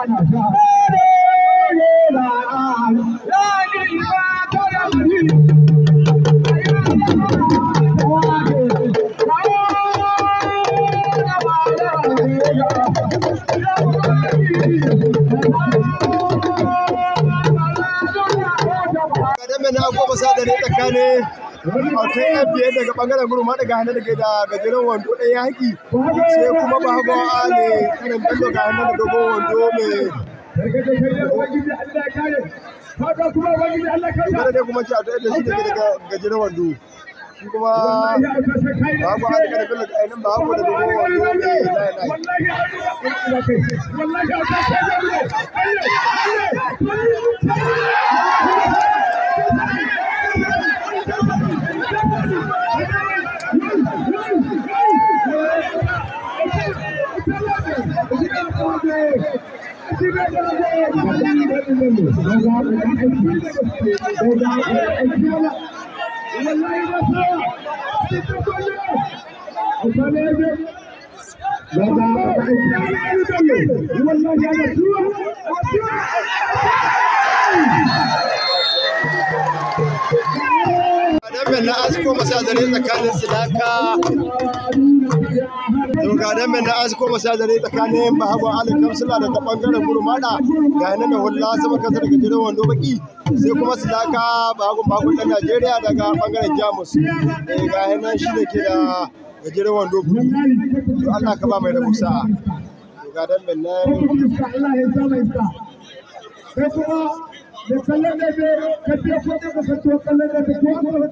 ana dan mai na goma sa da ne tsakanin wato yan biye daga bangaren gudu ma daga hannun daga gajeren wando ɗaya yaki sai kuma ba hagu ne kanan bello ga hannun da dogon wando mai kuma da kuma ci a da shi daga gajeren wando shi kuma ba hagu ale kanan bello ga hannun ba hagu da dogon wando mai layi layi والله يا dambe na asko masadare tsakanin silaka to ga na asko masadare tsakanin mahawa da ta bangaren gurmada ga yana da hulla sama kasa da jirin wando baki sai kuma silaka bagun bagun na najeriya daga bangaren jamus eh, ga yana shi da ke da gajeren wando bulu to allah ka ba mai da kusa na sai kuma da kallon da da kallon da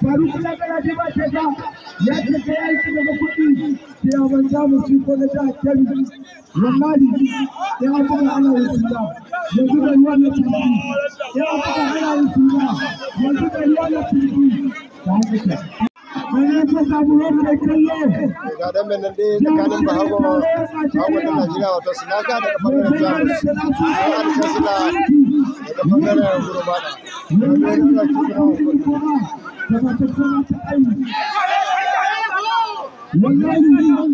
parou-se Farukhnagar आदिवासीचा या शेतकऱ्यांची लोकपुटी ते अवंताम श्रीपदाच्या अठ्ठावीस लग्नाली ते आपण आला उशिरा यजू दहिवाला शिरकी se आपण आला उशिरा यजू não शिरकी se gadan benin dai tsakanin não bahagoma se najeriya wato sinaka daga não jihar se daga bangaren gurumada gabatattun ta aini wallahi ka ya kawo farko ka yi mun ku ya mun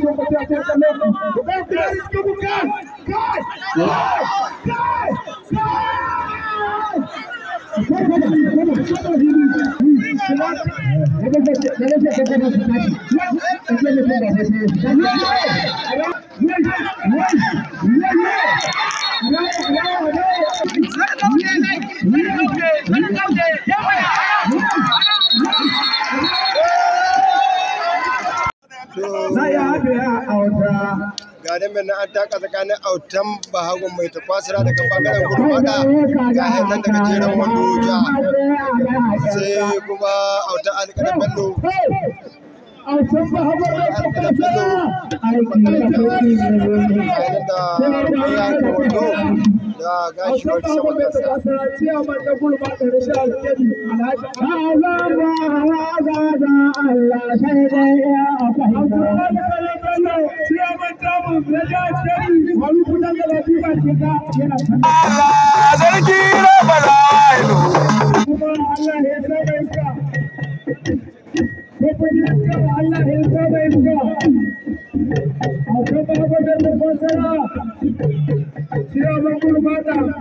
so ku ta ta kalle ku ku dambe na an taka tsakanin autan bahagun mai tafasira daga bangaren gudu fada ga hannun daga jeren wando ja sai kuma autan alƙalar bello da gashi wani sama kansa Allah sarki rabbal alamin. Allah ya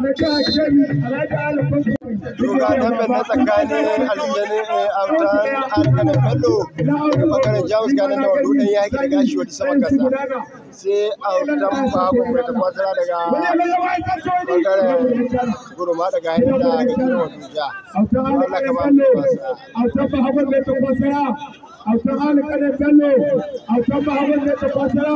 Jugadan tsakanin aljani autan alkana bello bakarin jamus ganin da wadu ɗan yaki daga shi wani sama kasa sai autan babu mai ta kwatara daga bakarin gurma daga hanyar da gajen wadu ja wannan kama mai kwasa autan alkana bello autan babu mai ta kwatara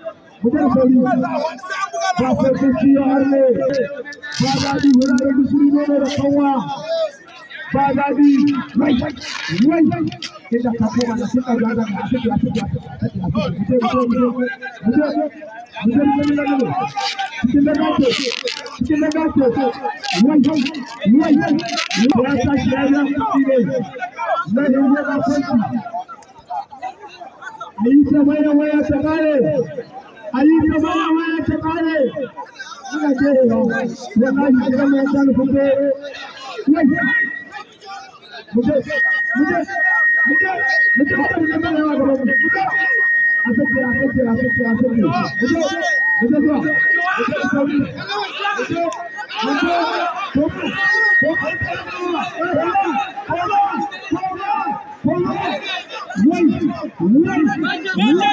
mutum sauri ba sai kuki ya harne ba da ba wai wai a a a da da wai wai ya ya yi ne a yi Ali जमा हुए ठिकाने मुझे मुझे मुझे मुझे मुझे मुझे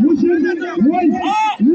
Mujahid, Mujahid,